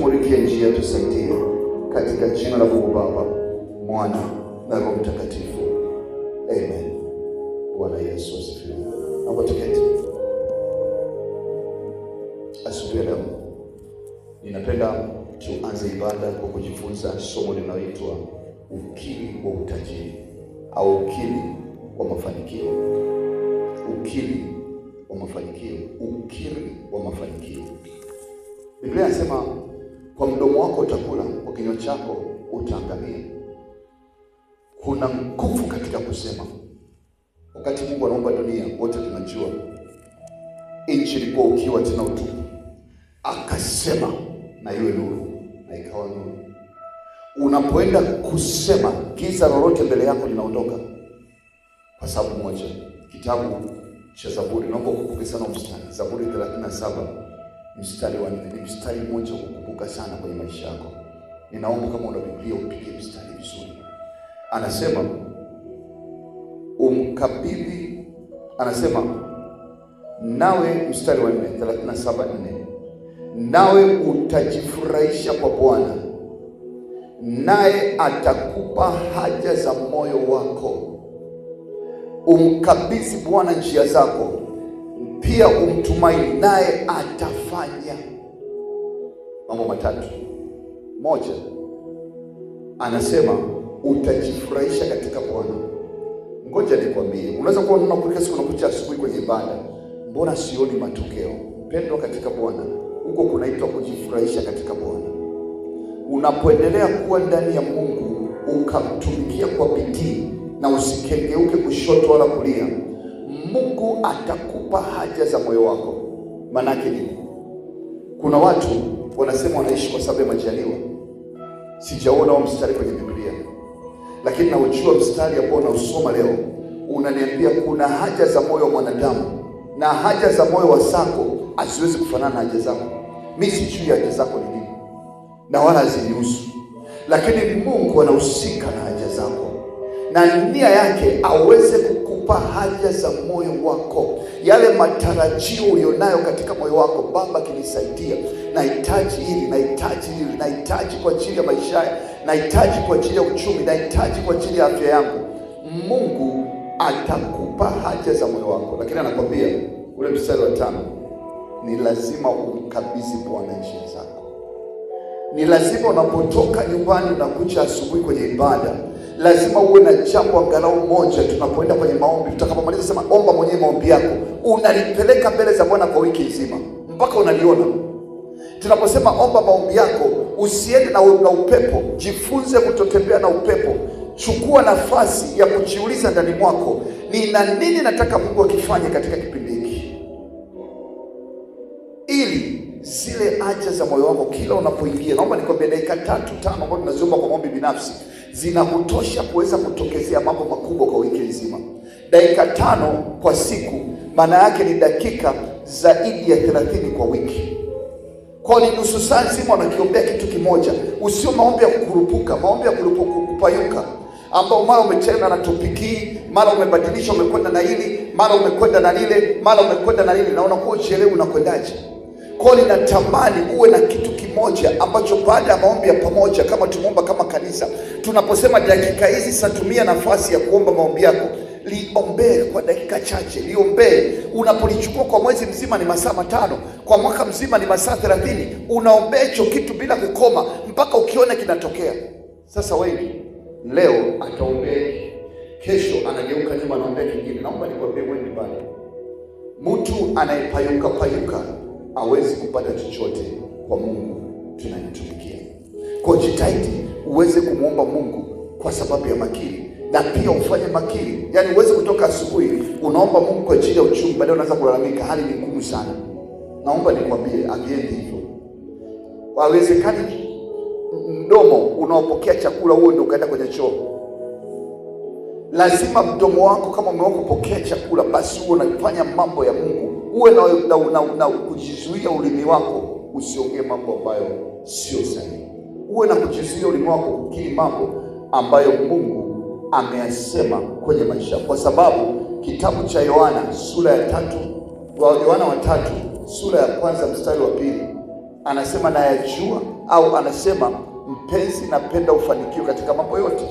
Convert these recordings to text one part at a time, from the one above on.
tumulikie njia, tusaidie katika jina la Mungu Baba, Mwana na Roho Mtakatifu, amen. Bwana Yesu asifiwe. Hapo tuketi. Asubuhi leo ninapenda tuanze ibada kwa kujifunza somo linaloitwa ukili wa utajiri au ukili wa mafanikio. Ukili wa mafanikio, ukiri wa mafanikio. Biblia inasema kwa mdomo wako utakula, kwa kinywa chako utaangamia. Kuna nguvu katika kusema. Wakati Mungu anaumba dunia, wote tunajua nchi ilikuwa ukiwa tena utupu, akasema na iwe nuru, na ikawa nuru. Unapoenda kusema, giza lolote mbele yako linaondoka kwa sababu moja. Kitabu cha Zaburi, naomba ukukumbuke sana mstari Zaburi 37 mstari wa nne. Ni mstari mmoja kukumbuka sana kwenye maisha yako. Ninaomba kama una Biblia upige mstari vizuri. Anasema umkabidhi, anasema nawe, mstari wa nne, saba nne, nawe utajifurahisha kwa Bwana naye atakupa haja za moyo wako. Umkabidhi Bwana njia zako pia umtumaini, naye atafanya mambo matatu. Moja, anasema utajifurahisha katika Bwana. Ngoja nikwambie, unaweza kuwa unaona kulika siku nakucha asubuhi kwenye ibada, mbona sioni matokeo? Pendwa katika Bwana, huko kunaitwa kujifurahisha katika Bwana. Unapoendelea kuwa ndani ya Mungu ukamtumikia kwa bidii na usikengeuke kushoto wala kulia, Mungu ataku kukupa haja za moyo wako. Maanake nini? Kuna watu wanasema wanaishi kwa sababu ya majaliwa. Sijaona huo mstari kwenye Biblia, lakini naujua mstari ambao unausoma leo unaniambia kuna haja za moyo wa mwanadamu, na haja za moyo wa sako haziwezi kufanana na haja zako. Mi sijui haja zako ni nini na wala hazinihusu, lakini Mungu anahusika na haja zako na nia yake aweze kukupa haja za moyo wako, yale matarajio ulionayo katika moyo wako. Baba, kinisaidia, nahitaji hili, nahitaji hili, nahitaji kwa ajili ya maisha haya, nahitaji kwa ajili ya uchumi, nahitaji kwa ajili ya afya yangu. Mungu atakupa haja za moyo wako, lakini anakwambia ule mstari wa tano, ni lazima umkabidhi Bwana njia zako. Ni lazima unapotoka nyumbani, unakucha asubuhi kwenye ibada lazima uwe na jambo angalau moja tunapoenda kwenye maombi. Tutakapomaliza sema, omba mwenyewe maombi yako, unalipeleka mbele za Bwana kwa wiki nzima mpaka unaliona. Tunaposema omba maombi yako, usiende na upepo. Jifunze kutotembea na upepo. Chukua nafasi ya kujiuliza ndani mwako, nina nini nataka Mungu akifanye katika kipindi hiki, ili zile haja za moyo wako kila unapoingia. Naomba nikwambie dakika tatu tano ambazo tunaziomba kwa maombi binafsi zinakutosha kuweza kutokezea mambo makubwa kwa wiki nzima. Dakika tano kwa siku maana yake ni dakika zaidi ya thelathini kwa wiki, kwa ni nusu saa nzima unakiombea kitu kimoja, usio maombi ya kukurupuka, maombi ya kupayuka ambao mara umechenda na topiki hii, mara umebadilisha, umekwenda na hili, mara umekwenda na lile, mara umekwenda na lile, na unakuwa uchelewi. Unakwendaje? Kwa hiyo ninatamani uwe na kitu kimoja ambacho baada ya maombi ya pamoja, kama tumeomba kama kanisa, tunaposema dakika hizi satumia nafasi ya kuomba maombi yako, liombee kwa dakika chache, liombee. Unapolichukua kwa mwezi mzima ni masaa matano, kwa mwaka mzima ni masaa thelathini. Unaombea hicho kitu bila kukoma mpaka ukiona kinatokea. Sasa wengi leo ataombea, kesho anageuka nyuma, anaombea kingine. Naomba nikwambie, wewe ni mtu anayepayuka payuka hawezi kupata chochote kwa Mungu tunayemtumikia. Kwa jitahidi uweze kumwomba Mungu kwa sababu ya makiri, na pia ufanye makiri, yaani uweze kutoka asubuhi unaomba Mungu kwa ajili ya uchumi, baadaye unaanza kulalamika, hali ni ngumu sana. Naomba nikwambie, akiendi hivyo wawezekani mdomo unaopokea chakula huo ndio ukaenda kwenye choo. Lazima mdomo wako, kama umeokupokea chakula, basi huo unafanya mambo ya Mungu uwe na, na, na, na kujizuia ulimi wako usiongee mambo ambayo sio sahihi. Uwe na kujizuia ulimi wako kukiri mambo ambayo Mungu ameyasema kwenye maisha, kwa sababu kitabu cha Yohana sura ya tatu wa Yohana wa tatu sura ya kwanza mstari wa pili anasema nayajua, au anasema mpenzi, napenda ufanikiwe katika mambo yote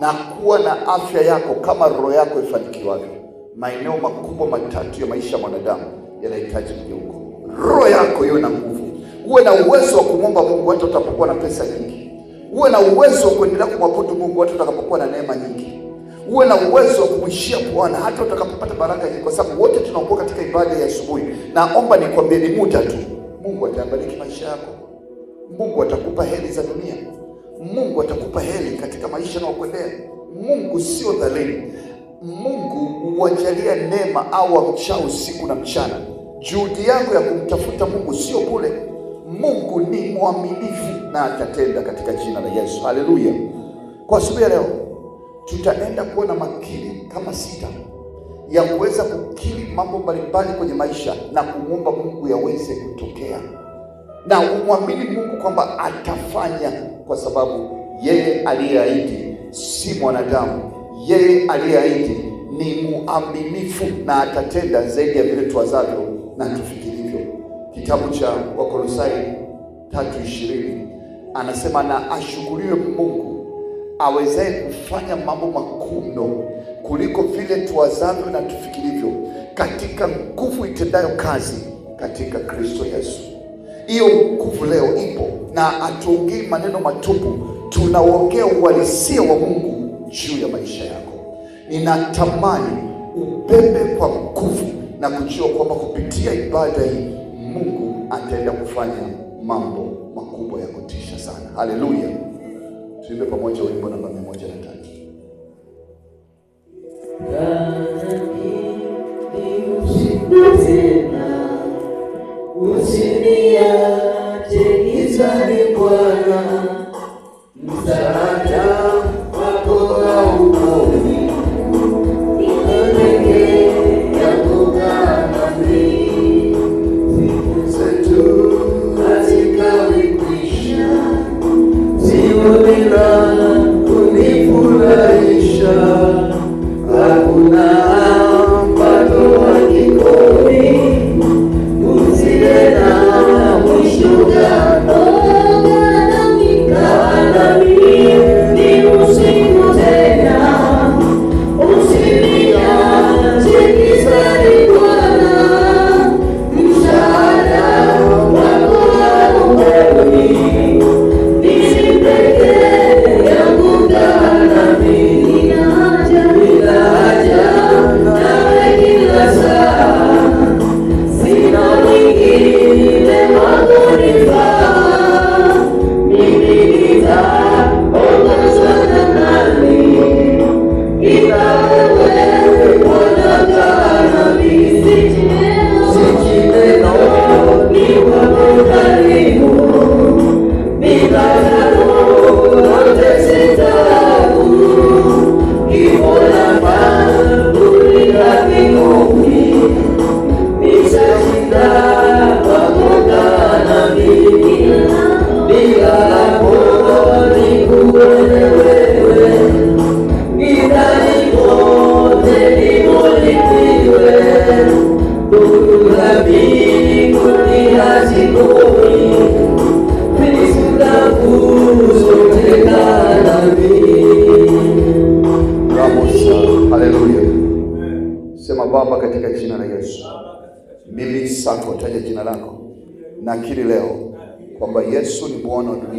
na kuwa na afya yako kama roho yako ifanikiwavyo maeneo makubwa matatu ya maisha ya mwanadamu yanahitaji mgeuko. Roho yako iwe na nguvu, uwe na uwezo wa kumwomba Mungu hata utakapokuwa na pesa nyingi, uwe na uwezo wa kuendelea kumwabudu Mungu hata utakapokuwa na neema nyingi, uwe na uwezo wa kumwishia Bwana hata utakapopata baraka nyingi, kwa sababu wote tunaokuwa katika ibada ya asubuhi, naomba nikwambie, ni muda tu. Mungu atayabariki maisha yako, Mungu atakupa heri za dunia, Mungu atakupa heri katika maisha yanayokwendea. Mungu sio dhalimu. Mungu huwajalia neema au amcha usiku na mchana. Juhudi yako ya kumtafuta Mungu sio bure. Mungu ni mwaminifu na atatenda katika jina la Yesu. Haleluya! Kwa asubuhi ya leo tutaenda kuwa na makini kama sita ya kuweza kukiri mambo mbalimbali kwenye maisha na kumwomba Mungu yaweze kutokea na umwamini Mungu kwamba atafanya, kwa sababu yeye aliyeahidi si mwanadamu yeye aliyeahidi ni muaminifu na atatenda zaidi ya vile tuwazavyo na tufikirivyo. Kitabu cha Wakolosai tatu ishirini anasema na ashukuriwe Mungu awezaye kufanya mambo makuu mno kuliko vile tuwazavyo na tufikirivyo, katika nguvu itendayo kazi katika Kristo Yesu. Hiyo nguvu leo ipo, na hatuongei maneno matupu, tunaongea uhalisia wa Mungu juu ya maisha yako. Ninatamani ubebe kwa nguvu na kujua kwamba kupitia ibada hii Mungu ataenda kufanya mambo makubwa ya kutisha sana. Haleluya! Tuimbe pamoja wimbo namba mia moja na tatu.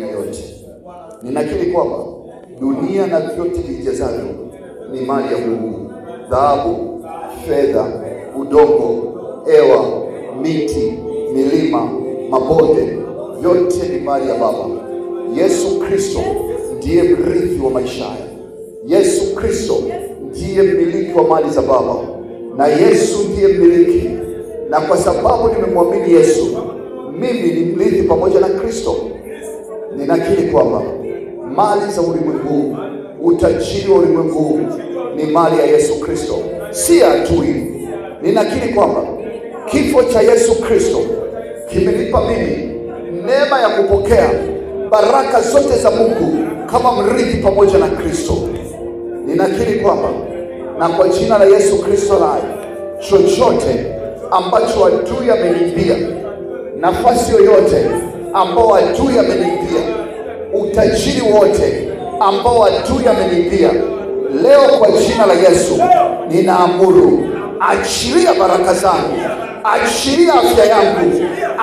dunia yote. Ninakiri kwamba dunia na vyote vijazavyo ni mali ya Mungu: dhahabu, fedha, udongo, hewa, miti, milima, mabonde, yote ni mali ya Baba. Yesu Kristo ndiye mrithi wa maisha haya. Yesu Kristo ndiye mmiliki wa mali za Baba, na Yesu ndiye mmiliki. Na kwa sababu nimemwamini Yesu, mimi ni mrithi pamoja na Kristo ninakiri kwamba mali za ulimwengu, utajiri wa ulimwengu ni mali ya Yesu Kristo, si ya adui. Ninakiri kwamba kifo cha Yesu Kristo kimenipa mimi neema ya kupokea baraka zote za Mungu kama mrithi pamoja na Kristo. Ninakiri kwamba na kwa jina la Yesu Kristo lai chochote ambacho adui ameniibia nafasi yoyote ambao adui ameniibia, utajiri wote ambao adui ameniibia, leo kwa jina la Yesu ninaamuru, achilia baraka zangu, achilia afya yangu,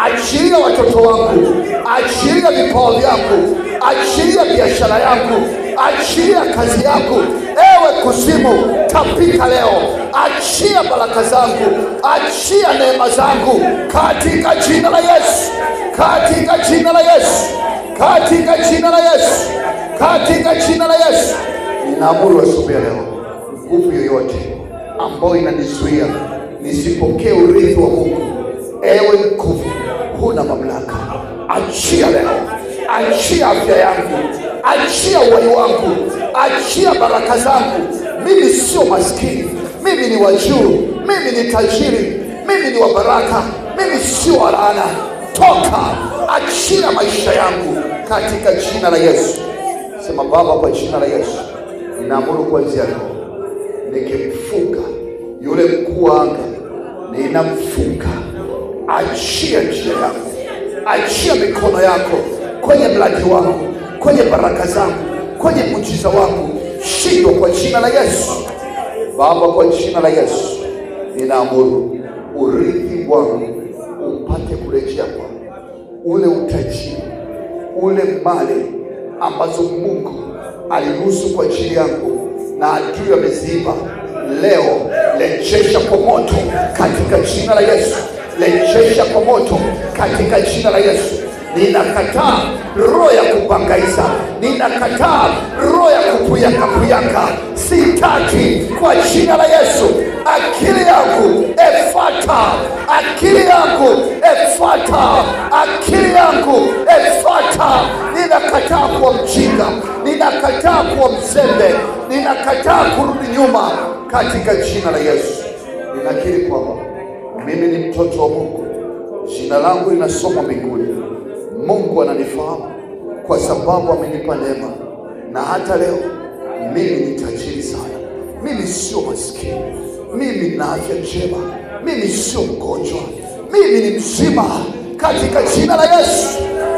achilia watoto wangu, achilia vipawa vyangu, achilia biashara yangu, achilia kazi yangu kuzimu, tapika leo. Achia baraka zangu, achia neema zangu katika jina la Yesu, katika jina la Yesu, katika jina la Yesu, katika jina la Yesu. Ninaamuru asubuhi leo, nguvu yoyote ambayo inanizuia nisipokee urithi wa Mungu, ewe nguvu, huna mamlaka, achia leo, achia afya yangu, achia uhai wangu achia baraka zangu. Mimi sio maskini, mimi ni wajuu, mimi ni tajiri, mimi ni wa baraka, mimi sio wa laana. Toka, achia maisha yangu katika jina la Yesu. Sema Baba, kwa jina la Yesu ninaamuru kuanzia leo nikimfunga yule mkuu wa anga, ninamfunga. Achia njia yako, achia mikono yako kwenye mradi wangu, kwenye baraka zangu kwenye muujiza wangu, shindwa kwa jina la Yesu. Baba, kwa jina la Yesu ninaamuru urithi wangu upate kurejea kwangu, ule utajiri, ule mali ambazo Mungu aliruhusu kwa ajili yangu na adui ameziiba, leo lechesha kwa moto katika jina la Yesu, lechesha kwa moto katika jina la Yesu ninakataa roho ya kupangaisha, ninakataa roho ya kukuyaka kuyaka, sitaki. Kwa jina la Yesu, akili yangu efata, akili yangu efata, akili yangu efata. Ninakataa kuwa mjinga, ninakataa kuwa mzembe, ninakataa kurudi nyuma katika jina la Yesu. Ninakiri kwamba mimi ni mtoto wa Mungu, jina langu linasomwa mbinguni. Mungu ananifahamu kwa sababu amenipa neema, na hata leo mimi ni tajiri sana. Mimi sio maskini, mimi na afya njema, mimi sio mgonjwa, mimi ni mzima katika jina la Yesu.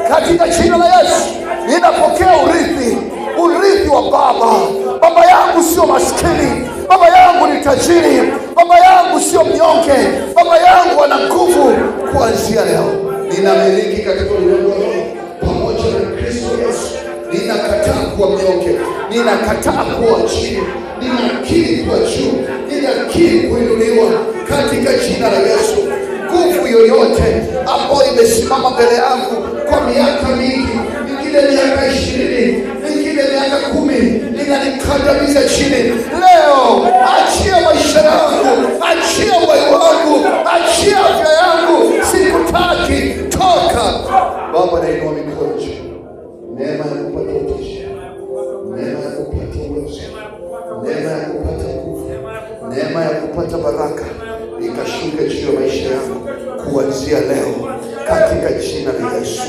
Katika jina la Yesu ninapokea urithi, urithi wa Baba. Baba yangu sio maskini, baba yangu ni tajiri, baba yangu sio mnyonge, baba yangu ana nguvu kuanzia leo ninamiliki katika ulimwengu wa roho pamoja na Kristo Yesu. Ninakataa kuwa mnyonge, ninakataa kuwa chini, ninakiri kwa juu, ninakiri kuinuliwa katika jina la Yesu. Nguvu yoyote ambayo imesimama mbele yangu kwa miaka mingi, mingine miaka ishirini, mingine miaka kumi, ninanikandamiza chini, leo achia maisha yangu, achia moyo wangu, achia afya yangu, sikutaki Mungu anainua mikono juu. Neema ya kupata utisha, neema ya kupata uwezo, neema ya kupata nguvu, neema ya kupata baraka ikashuke juu ya maisha yako kuanzia leo, katika jina la Yesu.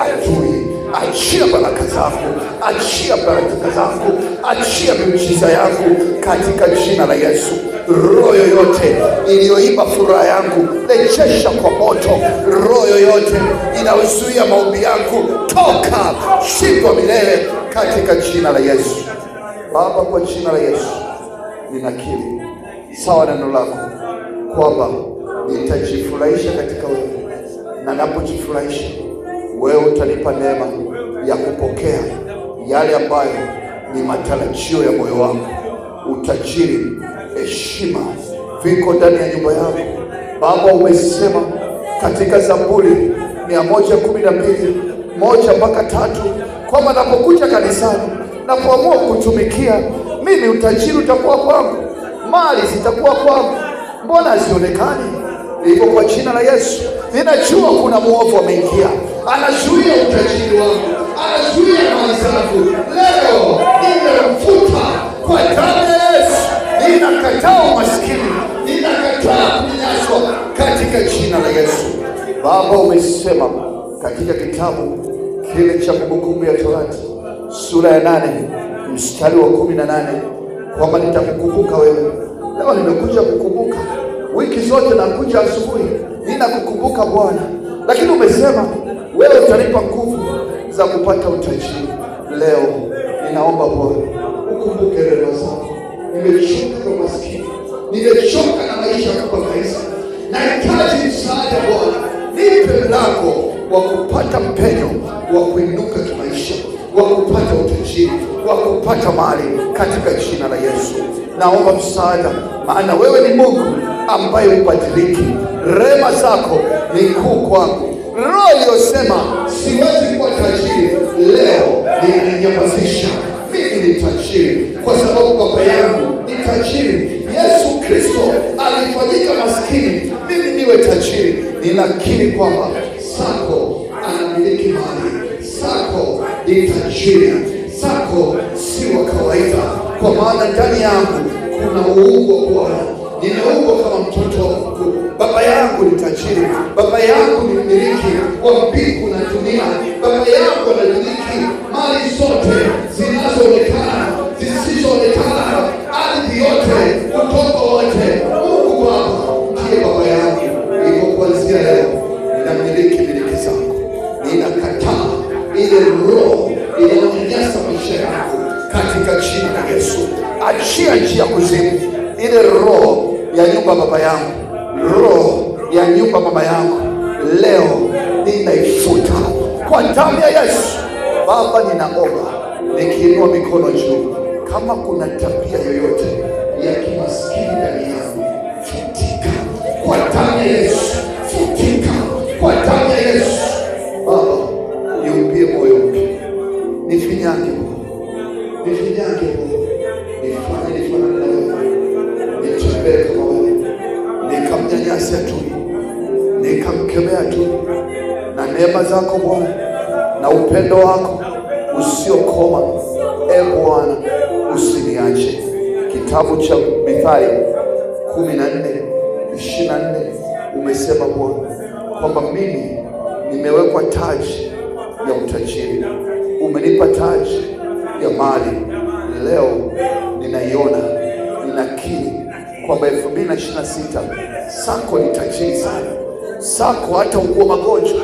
Ajui, achia baraka zako, achia baraka zako achia miujiza yangu katika jina la Yesu. Roho yoyote iliyoiba furaha yangu rejesha kwa moto. Roho yoyote inayozuia maombi yangu toka, shindwa milele katika jina la Yesu. Baba, kwa jina la Yesu ninakiri sawa na neno lako kwamba nitajifurahisha katika wewe, na napojifurahisha wewe utanipa neema ya kupokea yale ambayo ni matarajio ya moyo wako. Utajiri, heshima viko ndani ya nyumba yako. Baba, umesema katika Zaburi mia moja kumi na mbili moja mpaka tatu kwamba napokuja kanisani, napoamua kutumikia mimi, utajiri utakuwa kwangu, mali zitakuwa kwangu. Mbona hazionekani? Hivyo kwa jina la Yesu ninajua kuna mwovu ameingia, anazuia utajiri wangu, anazuia mali zangu leo nimemfuta kwa damu ya Yesu. Ninakataa umaskini, ninakataa kunyanyaswa katika jina la Yesu. Baba, umesema katika kitabu kile cha Kumbukumbu ya Torati sura ya nane mstari wa kumi na nane kwamba nitakukumbuka wewe. Leo nimekuja kukumbuka, wiki zote nakuja asubuhi, ninakukumbuka Bwana, lakini umesema wewe utanipa nguvu za kupata utajiri leo Ninaomba Bwana ukumbuke rehema zako. Nimechoka na maskini, nimechoka na maisha kuwa rahisi. Nahitaji msaada Bwana, nipe mlango wa kupata mpenyo wa kuinuka kimaisha, wa kupata utajiri, wa kupata mali, katika jina la Yesu naomba msaada, maana wewe ni Mungu ambaye hubadiliki. rema zako ni kuu kwangu. Roho iliyosema siwezi kuwa tajiri leo inaninyamazisha kwa sababu baba yangu ni tajiri. Yesu Kristo alifanyika maskini mimi niwe tajiri. Ninakiri kwamba Sako anamiliki mali, Sako ni tajiri, Sako si wa kawaida, kwa maana ndani yangu kuna uungu wa Bwana. Nimeumbwa kama mtoto wa Mungu. Baba yangu ni tajiri, baba yangu ni mmiliki wa mbingu na dunia, baba yangu anamiliki mali zote zinazoonekana yote, utoto wote, Mungu Baba ndiye baba yangu. Hivyo kuanzia leo ninamiliki miliki zangu, ninakataa ile roho inayonyanyasa maisha yangu katika jina la Yesu. Achia njia kuzimu ile roho ya nyumba baba yangu, roho ya nyumba baba yangu leo ninaifuta kwa damu ya Yesu. Baba, ninaomba nikiinua mikono juu kama kuna tabia yoyote ya kimaskini ndani yangu, futika kwa damu ya Yesu, futika kwa damu ya Yesu. Baba, niumbie moyo mpya, nifinyange Mungu, nifinyange Mungu, nifanye nifanane na wewe, nitembee kama wewe, nikamnyanyasa tu, nikamkemea tu, na neema zako Bwana na upendo wako usiokoma, e Bwana niache. Kitabu cha Mithali kumi na nne ishirini na nne umesema Bwana kwamba mimi nimewekwa taji ya utajiri, umenipa taji ya mali. Leo ninaiona, ninakiri kwamba elfu mbili na ishirini na sita sako ni tajiri sana, sako hata ukuwa magonjwa,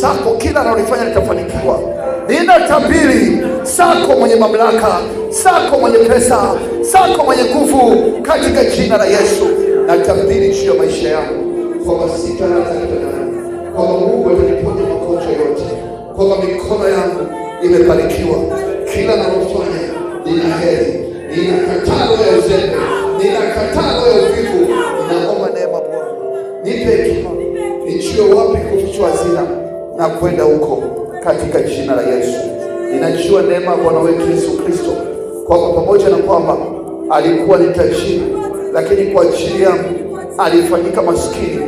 sako kila analolifanya litafanikiwa. Nina cha Sako mwenye mamlaka, Sako mwenye pesa, Sako mwenye nguvu, katika jina la Yesu natabiri juu ya maisha yangu kwamba sitaatakitana, kwamba Mungu ataniponya magonjwa yote, kwamba mikono yangu imebarikiwa, kila nalofanya nina heri, nina katalo ya uzembe, nina katalo ya uvivu, ninaomba neema Bwana, nipe hekima, nijue wapi kufichwa hazina na kwenda huko katika jina la Yesu. Ninajua neema ya Bwana wetu Yesu Kristo kwamba pamoja na kwamba alikuwa ni tajiri, lakini kwa ajili yangu alifanyika maskini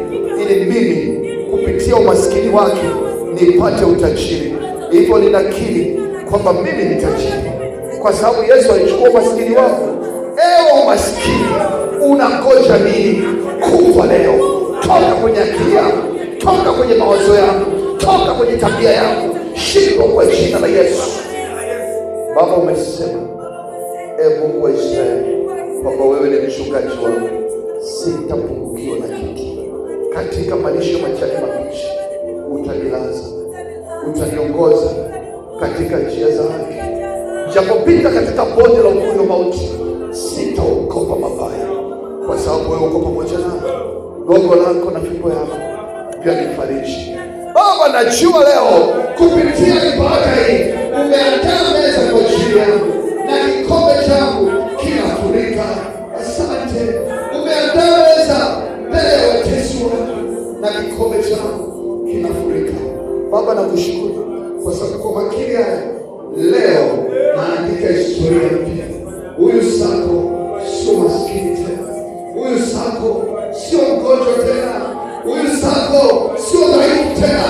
ili mimi kupitia umaskini wake nipate utajiri. Hivyo ninakiri kwamba mimi ni tajiri kwa sababu Yesu alichukua umaskini wako. Ewe umaskini, unangoja nini? Kufa leo. Toka kwenye akili yako, toka kwenye mawazo yako, toka kwenye tabia yako shindwa kwa jina la Yesu. Baba, umesema e Mungu wa Israeli kwamba wewe ni mchungaji wangu, sitapungukiwa na kitu. Katika malisho majani mabichi utanilaza, utaniongoza katika njia za haki, japopita katika bonde la ukuyo mauti, sitaogopa mabaya, kwa sababu wewe uko pamoja nami. Gogo lako na fimbo yako vyanifariji Baba, najua leo kupitia ibada hii umeandaa meza kwa ajili yangu na kikombe changu kinafurika. Asante, umeandaa meza mbele ya watesi wangu na kikombe changu kinafurika. Baba, nakushukuru kwa sababu kwa makini haya leo naandika historia mpya. Huyu Sako sio maskini tena, huyu Sako sio mgonjwa tena. থাকবো শ্রোতাই উঠছে না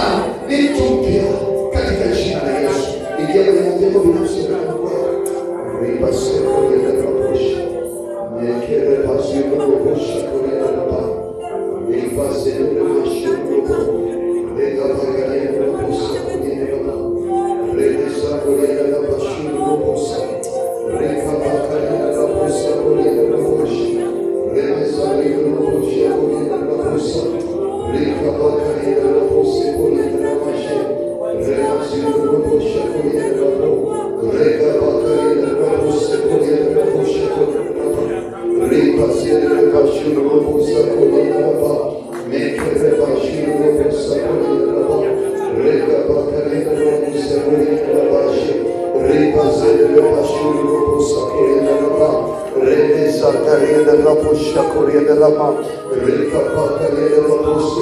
Rabosha Korea de Lama, Rika Pata Rabosha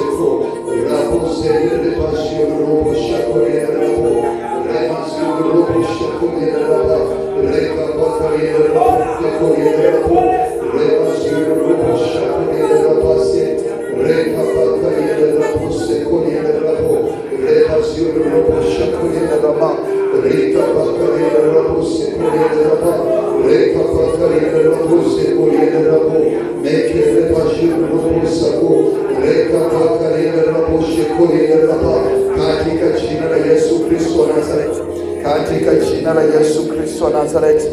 Nazareti.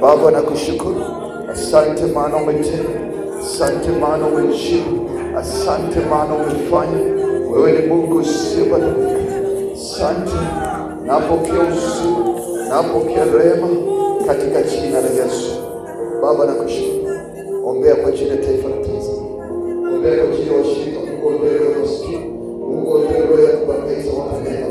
Baba, nakushukuru, asante maana umetenda, asante maana umejibu, asante maana umefanya. Wewe ni Mungu usiyebadilika. Asante, napokea uzuri, napokea rehema katika jina la Yesu. Baba, nakushukuru. Ombea kwa ajili ya taifa la Tanzania, ombea kwa ajili ya washirika, Mungu ondoe maskini, Mungu ondoe ya kubakiza watu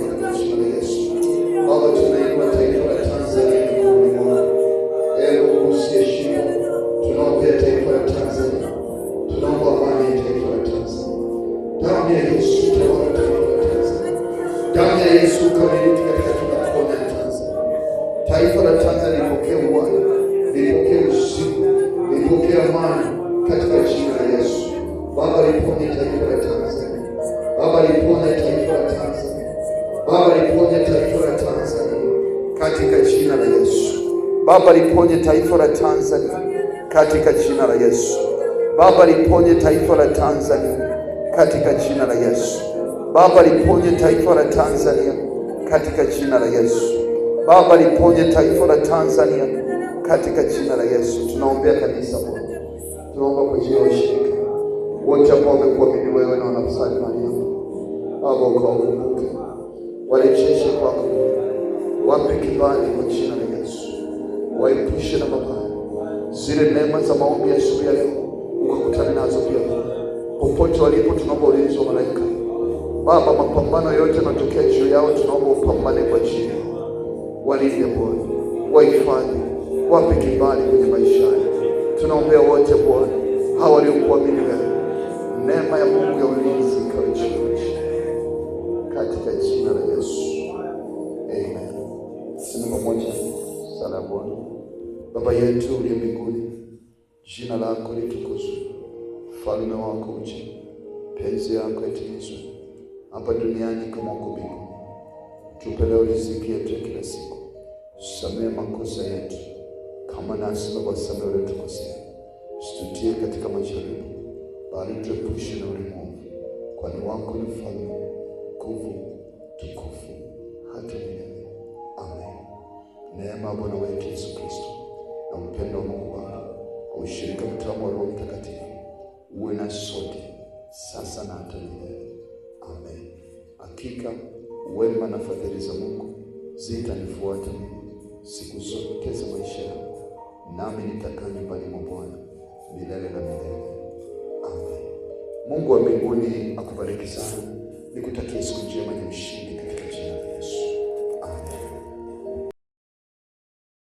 Baba liponye taifa la Tanzania katika jina la Yesu. Baba liponye taifa la Tanzania katika jina la Yesu. Baba liponye taifa la Tanzania katika jina la Yesu. Baba liponye taifa la Tanzania katika jina la Yesu. Tunaombea kanisa moja, tunaomba kwa ajili ya washirika wote ambao wamekuamini wewe na wanafsari Maria. Baba ukawakumbuke, warejeshe kwako, wape kibali kwa jina la waepushe na mabaya. Zile neema za maombi ya asubuhi ya leo ukakutana nazo pia, popote walipo, tunaomba ulinzi wa malaika. Baba, mapambano yote yanatokea juu yao, tunaomba upambane kwa jina, walinde Bwana, wahifadhi, wape kibali kwenye maisha. Tunaombea wote Bwana, hawa waliokuamini wewe, neema ya Mungu ya ulinzi ikawe juu katika jina la Yesu. la Bwana. Baba yetu uliye mbinguni, jina lako litukuzwe, ufalme wako uje, penzi yako itimizwe hapa duniani kama huko mbinguni. Tupe leo riziki yetu ya kila siku, tusamehe makosa yetu kama nasi Baba tusamehe waliotukosea, usitutie katika majaribu, bali tuepushe na ulimwengu, kwani wako ni ufalme, nguvu, tukufu hata milele. Neema ya Bwana wetu Yesu Kristo na upendo wa Mungu na ushirika mtamu wa Roho Mtakatifu uwe na sote sasa na hata milele. Amen. Hakika wema na fadhili za Mungu zitanifuata siku zote za maisha yangu, nami nitakaa nyumbani mwa Bwana milele na milele. Amen. Mungu wa mbinguni akubariki sana, nikutakia siku njema ya ushindi